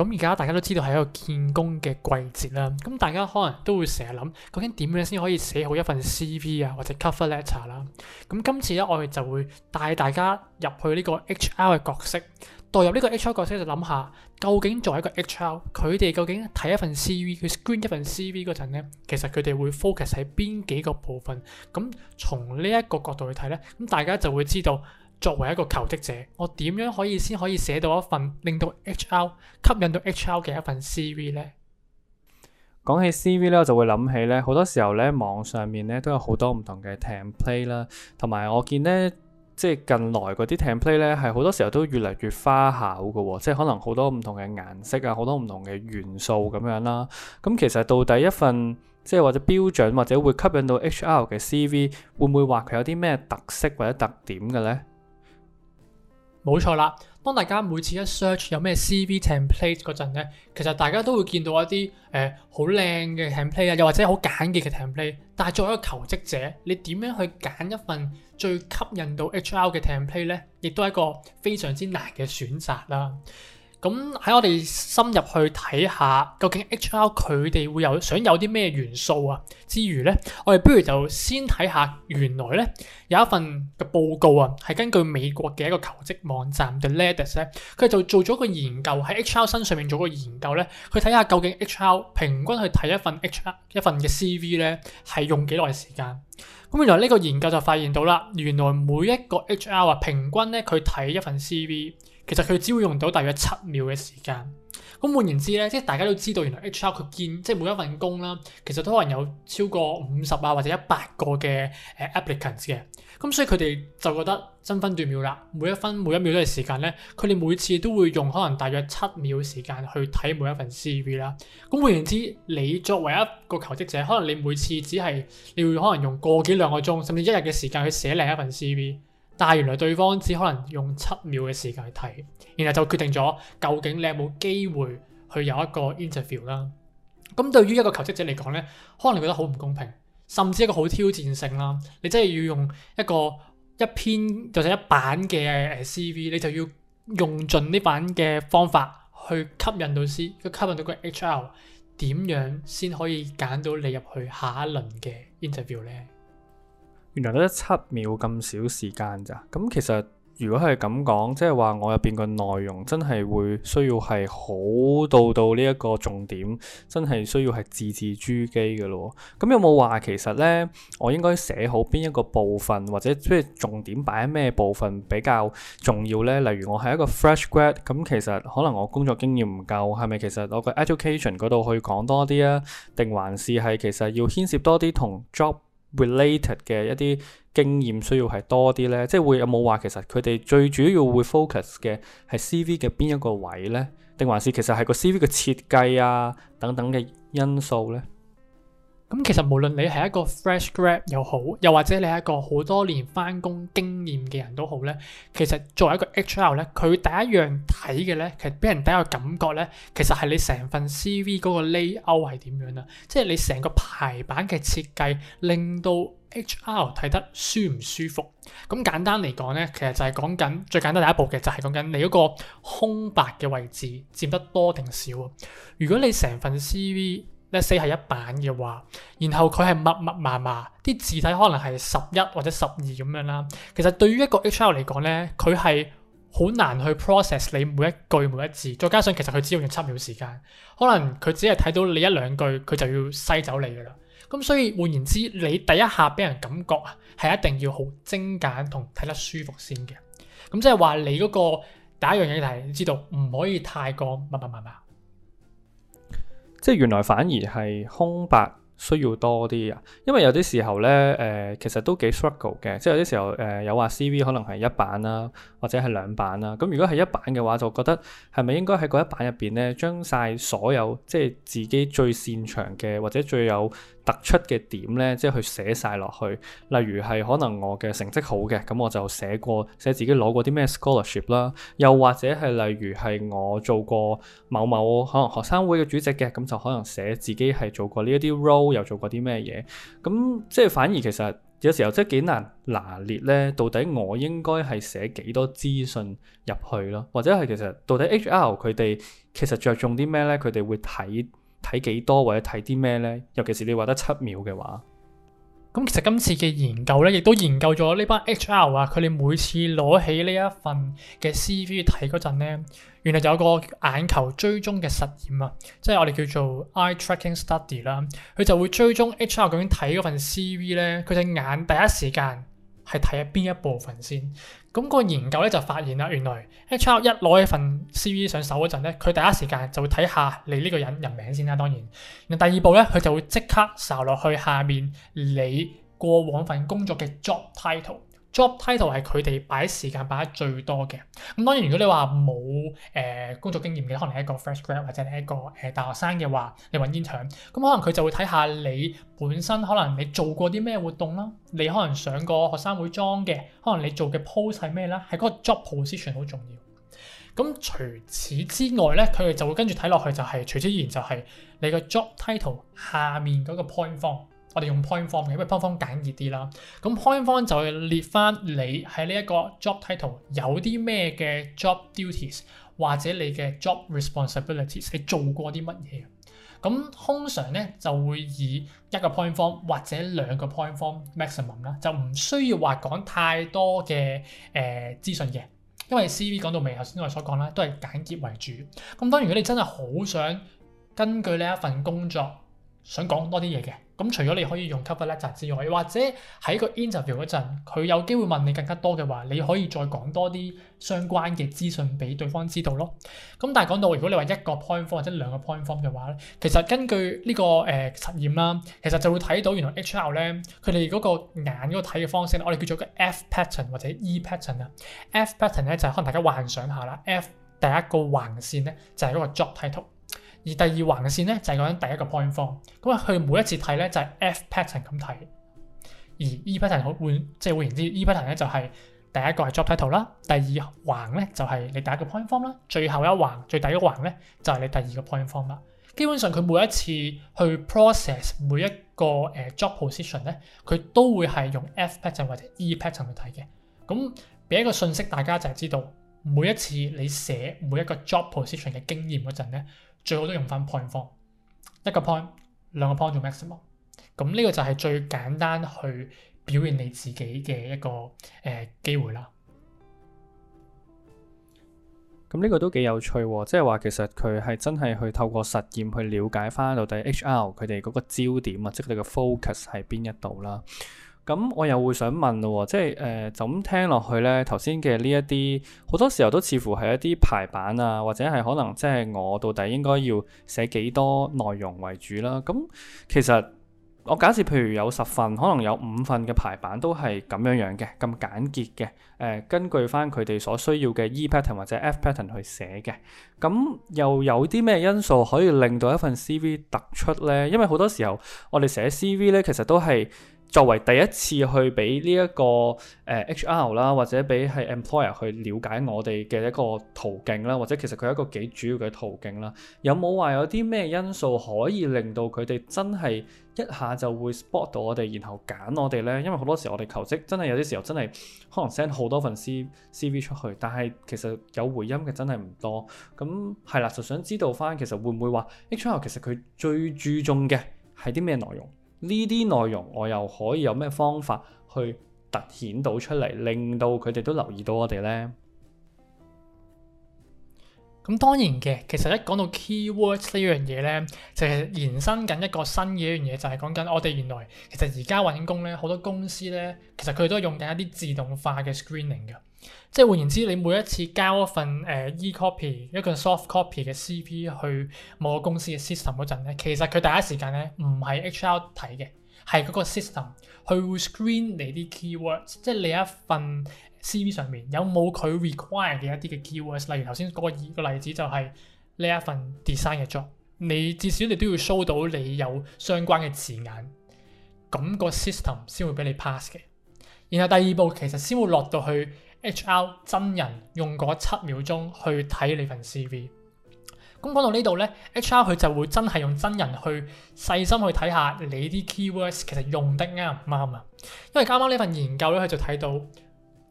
咁而家大家都知道係一個見工嘅季節啦，咁大家可能都會成日諗究竟點樣先可以寫好一份 CV 啊或者 cover letter 啦。咁今次咧我哋就會帶大家入去呢個 HR 嘅角色，代入呢個 HR 角色就諗下，究竟作為一個 HR，佢哋究竟睇一份 CV，佢 scan 一份 CV 嗰陣咧，其實佢哋會 focus 喺邊幾個部分？咁從呢一個角度去睇咧，咁大家就會知道。作為一個求職者，我點樣可以先可以寫到一份令到 H R 吸引到 H R 嘅一份 C V 呢？講起 C V 咧，我就會諗起咧，好多時候咧網上面咧都有好多唔同嘅 template 啦，同埋我見咧即係近來嗰啲 template 咧係好多時候都越嚟越花巧噶喎，即係可能好多唔同嘅顏色啊，好多唔同嘅元素咁樣啦。咁其實到底一份即係或者標準或者會吸引到 H R 嘅 C V 會唔會話佢有啲咩特色或者特點嘅呢？冇錯啦，當大家每次一 search 有咩 CV template 嗰陣咧，其實大家都會見到一啲誒好靚嘅 template 啊，呃、很 ate，又或者好簡潔嘅 template，但係作為一個求職者，你點樣去揀一份最吸引到 HR 嘅 template 咧，亦都係一個非常之難嘅選擇啦。咁喺我哋深入去睇下，究竟 H R 佢哋會有想有啲咩元素啊？之餘咧，我哋不如就先睇下原來咧有一份嘅報告啊，係根據美國嘅一個求職網站嘅 Leaders 咧，佢就做咗個研究喺 H R 身上面做個研究咧，去睇下究竟 H R 平均去睇一份 H R 一份嘅 C V 咧係用幾耐時間？咁原來呢個研究就發現到啦，原來每一個 H R 啊，平均咧佢睇一份 C V。其實佢只會用到大約七秒嘅時間。咁換言之咧，即係大家都知道，原來 HR 佢見即係每一份工啦，其實都可能有超過五十啊或者一百個嘅誒 applicants 嘅。咁所以佢哋就覺得爭分奪秒啦，每一分每一秒都係時間咧。佢哋每次都會用可能大約七秒時間去睇每一份 CV 啦。咁換言之，你作為一個求職者，可能你每次只係你會可能用個幾兩個鐘，甚至一日嘅時間去寫另一份 CV。但原來對方只可能用七秒嘅時間去睇，然後就決定咗究竟你有冇機會去有一個 interview 啦。咁對於一個求職者嚟講咧，可能你覺得好唔公平，甚至一個好挑戰性啦。你真係要用一個一篇或者、就是、一版嘅 CV，你就要用盡呢版嘅方法去吸引到 C，去吸引到個 HR，點樣先可以揀到你入去下一輪嘅 interview 咧？留得七秒咁少時間咋？咁其實如果係咁講，即係話我入面個內容真係會需要係好到到呢一個重點，真係需要係字字珠璣嘅咯。咁有冇話其實呢？我應該寫好邊一個部分，或者即係重點擺喺咩部分比較重要呢？例如我係一個 fresh grad，咁其實可能我工作經驗唔夠，係咪其實我個 education 嗰度去講多啲啊？定還是係其實要牽涉多啲同 job？Related 嘅一啲經驗需要係多啲咧，即係會有冇話其實佢哋最主要會 focus 嘅係 CV 嘅邊一個位咧，定還是其實係個 CV 嘅設計啊等等嘅因素咧？咁其實無論你係一個 fresh grad 又好，又或者你係一個好多年返工經驗嘅人都好咧，其實作為一個 HR 咧，佢第一樣睇嘅咧，其實俾人第一個感覺咧，其實係你成份 CV 嗰個 layout 係點樣呀，即係你成個排版嘅設計令到 HR 睇得舒唔舒服。咁簡單嚟講咧，其實就係講緊最簡單第一步嘅就係講緊你嗰個空白嘅位置佔得多定少啊。如果你成份 CV，四 e 係一版嘅話，然後佢係密密麻麻，啲字體可能係十一或者十二咁樣啦。其實對於一個 HR 嚟講咧，佢係好難去 process 你每一句每一字，再加上其實佢只要用七秒時間，可能佢只係睇到你一兩句，佢就要篩走你噶啦。咁所以換言之，你第一下俾人感覺啊，係一定要好精簡同睇得舒服先嘅。咁即係話你嗰個第一樣嘢就係，你知道唔可以太過密密麻麻。即係原來反而係空白需要多啲啊，因為有啲時候呢，呃、其實都幾 struggle 嘅，即係有啲時候、呃、有話 CV 可能係一版啦，或者係兩版啦。咁如果係一版嘅話，就覺得係咪應該喺嗰一版入邊呢？將晒所有即係自己最擅長嘅或者最有突出嘅點咧，即係去寫晒落去。例如係可能我嘅成績好嘅，咁我就寫過寫自己攞過啲咩 scholarship 啦。又或者係例如係我做過某某可能學生會嘅主席嘅，咁就可能寫自己係做過呢一啲 role，又做過啲咩嘢。咁即係反而其實有時候即係幾難拿捏咧，到底我應該係寫幾多資訊入去咯？或者係其實到底 HR 佢哋其實着重啲咩咧？佢哋會睇。睇幾多或者睇啲咩呢？尤其是你話得七秒嘅話，咁其實今次嘅研究呢，亦都研究咗呢班 HR 啊，佢哋每次攞起呢一份嘅 CV 睇嗰陣呢，原來就有個眼球追蹤嘅實驗啊，即係我哋叫做 eye tracking study 啦，佢就會追蹤 HR 究竟睇嗰份 CV 呢，佢隻眼第一時間。係睇下邊一部分先，咁個研究咧就發現啦，原來 HR 一攞起份 CV 上手嗰陣咧，佢第一時間就會睇下你呢個人人名先啦。當然，第二步咧佢就會即刻查落去下面你過往份工作嘅 job title。job title 係佢哋擺時間擺得最多嘅。咁當然，如果你話冇、呃、工作經驗嘅，可能係一個 fresh graduate 或者係一個、呃、大學生嘅話，你揾 intern 咁可能佢就會睇下你本身可能你做過啲咩活動啦，你可能上過學生會裝嘅，可能你做嘅 post 係咩啦，係嗰個 job position 好重要。咁除此之外咧，佢哋就會跟住睇落去就係、係、除此而然，就係你個 job title 下面嗰個 point form。我哋用 point form 嘅，因為 point form 簡潔啲啦。咁 point form 就係列翻你喺呢一個 job title 有啲咩嘅 job duties，或者你嘅 job responsibilities，你做過啲乜嘢。咁通常咧就會以一個 point form 或者兩個 point form maximum 啦，就唔需要話講太多嘅誒、呃、資訊嘅，因為 CV 講到尾頭先我所講啦，都係簡潔為主。咁當然如果你真係好想根據呢一份工作想講多啲嘢嘅。咁除咗你可以用 cover letter 之外，或者喺個 interview 嗰陣，佢有機會問你更加多嘅話，你可以再講多啲相關嘅資訊俾對方知道咯。咁但係講到如果你話一個 point form 或者兩個 point form 嘅話咧，其實根據呢、這個誒、呃、實驗啦，其實就會睇到原來 HR 咧佢哋嗰個眼嗰個睇嘅方式咧，我哋叫做個 F pattern 或者 E pattern 啊。F pattern 咧就係可能大家幻想下啦，F 第一個橫線咧就係嗰個 job title。而第二橫嘅線咧，就係講緊第一個 point form。咁啊，佢每一次睇咧，就係 F pattern 咁睇，而 E pattern 換，即係換言之，E pattern 咧就係第一個係 job title 啦，第二橫咧就係你第一個 point form 啦，最後一橫最第一個橫咧就係你第二個 point form 啦。基本上佢每一次去 process 每一個誒、呃、job position 咧，佢都會係用 F pattern 或者 E pattern 去睇嘅。咁俾一個信息大家就係知道，每一次你寫每一個 job position 嘅經驗嗰陣咧。最好都用翻 point form，一個 point 兩個 point 做 maximum，咁呢、這個就係最簡單去表現你自己嘅一個誒機、呃、會啦。咁呢個都幾有趣喎，即係話其實佢係真係去透過實驗去了解翻到底 HR 佢哋嗰個焦點啊，即係佢哋嘅 focus 喺邊一度啦。咁我又會想問咯，即係誒，就咁、是呃、聽落去咧，頭先嘅呢一啲好多時候都似乎係一啲排版啊，或者係可能即係我到底應該要寫幾多內容為主啦。咁其實我假設譬如有十份，可能有五份嘅排版都係咁樣樣嘅，咁簡潔嘅、呃，根據返佢哋所需要嘅 E pattern 或者 F pattern 去寫嘅。咁又有啲咩因素可以令到一份 CV 突出咧？因為好多時候我哋寫 CV 咧，其實都係。作為第一次去俾呢一個、呃、HR 啦，或者俾係 employer 去了解我哋嘅一個途徑啦，或者其實佢一個幾主要嘅途徑啦，有冇話有啲咩因素可以令到佢哋真係一下就會 spot 到我哋，然後揀我哋呢？因為好多時我哋求職真係有啲時候真係可能 send 好多份 C C V 出去，但係其實有回音嘅真係唔多。咁係啦，就想知道返其實會唔會話 HR 其實佢最注重嘅係啲咩內容？呢啲內容我又可以有咩方法去凸顯到出嚟，令到佢哋都留意到我哋呢？咁當然嘅，其實一講到 keywords 呢樣嘢呢，就係延伸緊一個新嘅一樣嘢，就係講緊我哋原來其實而家揾工呢，好多公司呢，其實佢哋都係用緊一啲自動化嘅 screening 㗎。即係換言之，你每一次交一份誒 e copy，一個 soft copy 嘅 C V 去某個公司嘅 system 嗰陣咧，其實佢第一時間咧唔係 H R 睇嘅，係嗰個 system，佢會 screen 你啲 keyword，s 即係你一份 C V 上面有冇佢 require 嘅一啲嘅 keywords，例如頭先嗰個二個例子就係呢一份 design 嘅 job，你至少你都要 show 到你有相關嘅字眼，咁個 system 先會俾你 pass 嘅。然後第二步其實先會落到去 HR 真人用嗰七秒鐘去睇你份 CV。咁講到呢度咧，HR 佢就會真係用真人去細心去睇下你啲 keywords 其實用得啱唔啱啊？因為啱啱呢份研究咧，佢就睇到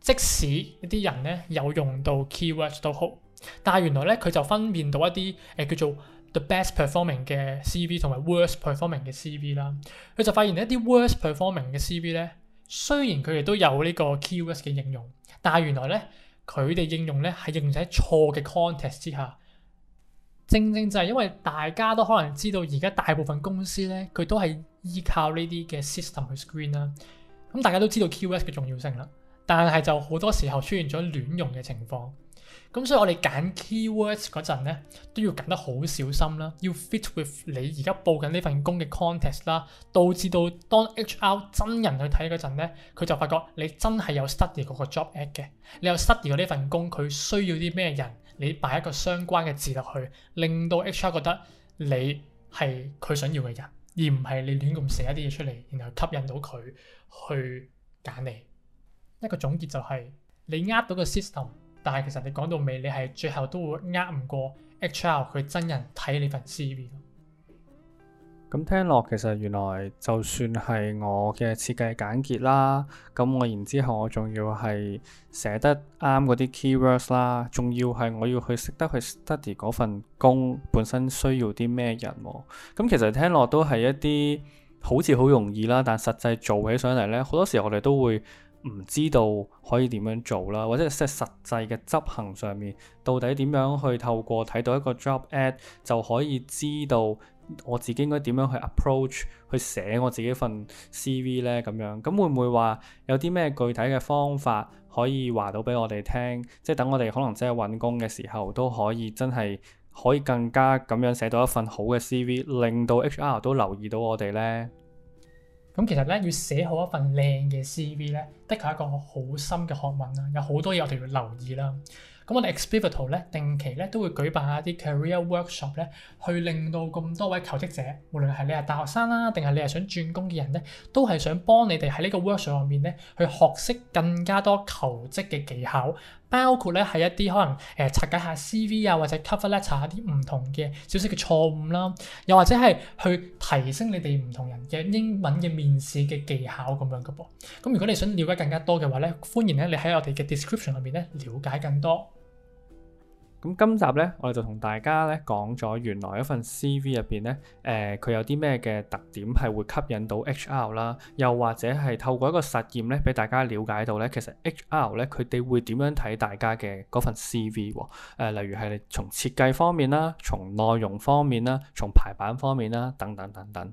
即使一啲人咧有用到 keywords 都好，但係原來咧佢就分辨到一啲、呃、叫做 the best performing 嘅 CV 同埋 worst performing 嘅 CV 啦。佢就發現一啲 worst performing 嘅 CV 咧。雖然佢哋都有呢個 QoS 嘅應用，但原來咧，佢哋應用咧係應用喺錯嘅 context 之下，正正就係因為大家都可能知道而家大部分公司咧，佢都係依靠呢啲嘅 system 去 screen 啦。咁大家都知道 QoS 嘅重要性啦，但係就好多時候出現咗亂用嘅情況。咁所以我哋揀 keywords 嗰陣咧，都要揀得好小心啦，要 fit with 你而家報緊呢份工嘅 context 啦，導致到當 HR 真人去睇嗰陣咧，佢就發覺你真係有 study 過個 job ad 嘅，你有 study 過呢份工佢需要啲咩人，你擺一個相關嘅字落去，令到 HR 覺得你係佢想要嘅人，而唔係你亂咁寫一啲嘢出嚟，然後吸引到佢去揀你。一個總結就係：你呃到個 system。但係其實你講到尾，你係最後都會呃唔過 HR 佢真人睇你份 CV。咁聽落其實原來就算係我嘅設計簡潔啦，咁我然之後我仲要係寫得啱嗰啲 keywords 啦，仲要係我要去識得去 study 嗰份工本身需要啲咩人喎，啊。咁其實聽落都係一啲。好似好容易啦，但實際做起上嚟呢，好多時候我哋都會唔知道可以點樣做啦，或者即係實際嘅執行上面，到底點樣去透過睇到一個 job ad 就可以知道我自己應該點樣去 approach 去寫我自己份 CV 呢？咁樣，咁會唔會話有啲咩具體嘅方法可以話到俾我哋聽，即係等我哋可能真係揾工嘅時候都可以真係。可以更加咁樣寫到一份好嘅 CV，令到 HR 都留意到我哋呢。咁其實咧，要寫好一份靚嘅 CV 咧，的確係一個好深嘅學問啊！有好多嘢我哋要留意啦。咁我哋 Experito 咧定期咧都會舉辦一啲 career workshop 咧，去令到咁多位求職者，無論係你係大學生啦、啊，定係你係想轉工嘅人咧，都係想幫你哋喺呢個 workshop 上面咧，去學識更加多求職嘅技巧。包括咧係一啲可能誒拆、呃、解下 CV 啊或者 cover letter，查下啲唔同嘅小小嘅錯誤啦，又或者係去提升你哋唔同人嘅英文嘅面試嘅技巧咁樣嘅噃。咁如果你想了解更加多嘅話咧，歡迎咧你喺我哋嘅 description 裏面咧了解更多。咁今集咧，我哋就同大家咧講咗原來一份 CV 入邊咧，呃、佢有啲咩嘅特點係會吸引到 HR 啦，又或者係透過一個實驗咧，俾大家了解到咧，其實 HR 咧佢哋會點樣睇大家嘅嗰份 CV 喎。呃，例如係從設計方面啦，從內容方面啦，從排版方面啦，等等等等。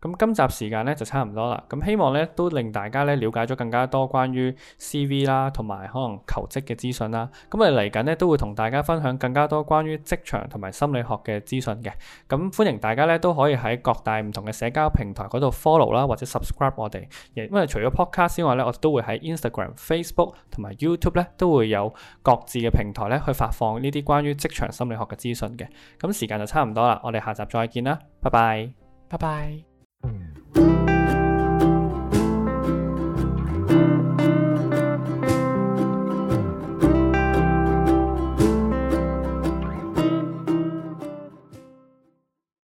咁今集時間咧就差唔多啦。咁希望咧都令大家咧了解咗更加多關於 CV 啦，同埋可能求職嘅資訊啦。咁我哋嚟緊咧都會同大家分享更加多關於職場同埋心理學嘅資訊嘅。咁歡迎大家咧都可以喺各大唔同嘅社交平台嗰度 follow 啦，或者 subscribe 我哋。因為除咗 podcast 之外咧，我哋都會喺 Instagram、Facebook 同埋 YouTube 咧都會有各自嘅平台咧去發放呢啲關於職場心理學嘅資訊嘅。咁時間就差唔多啦，我哋下集再見啦，拜拜，拜拜。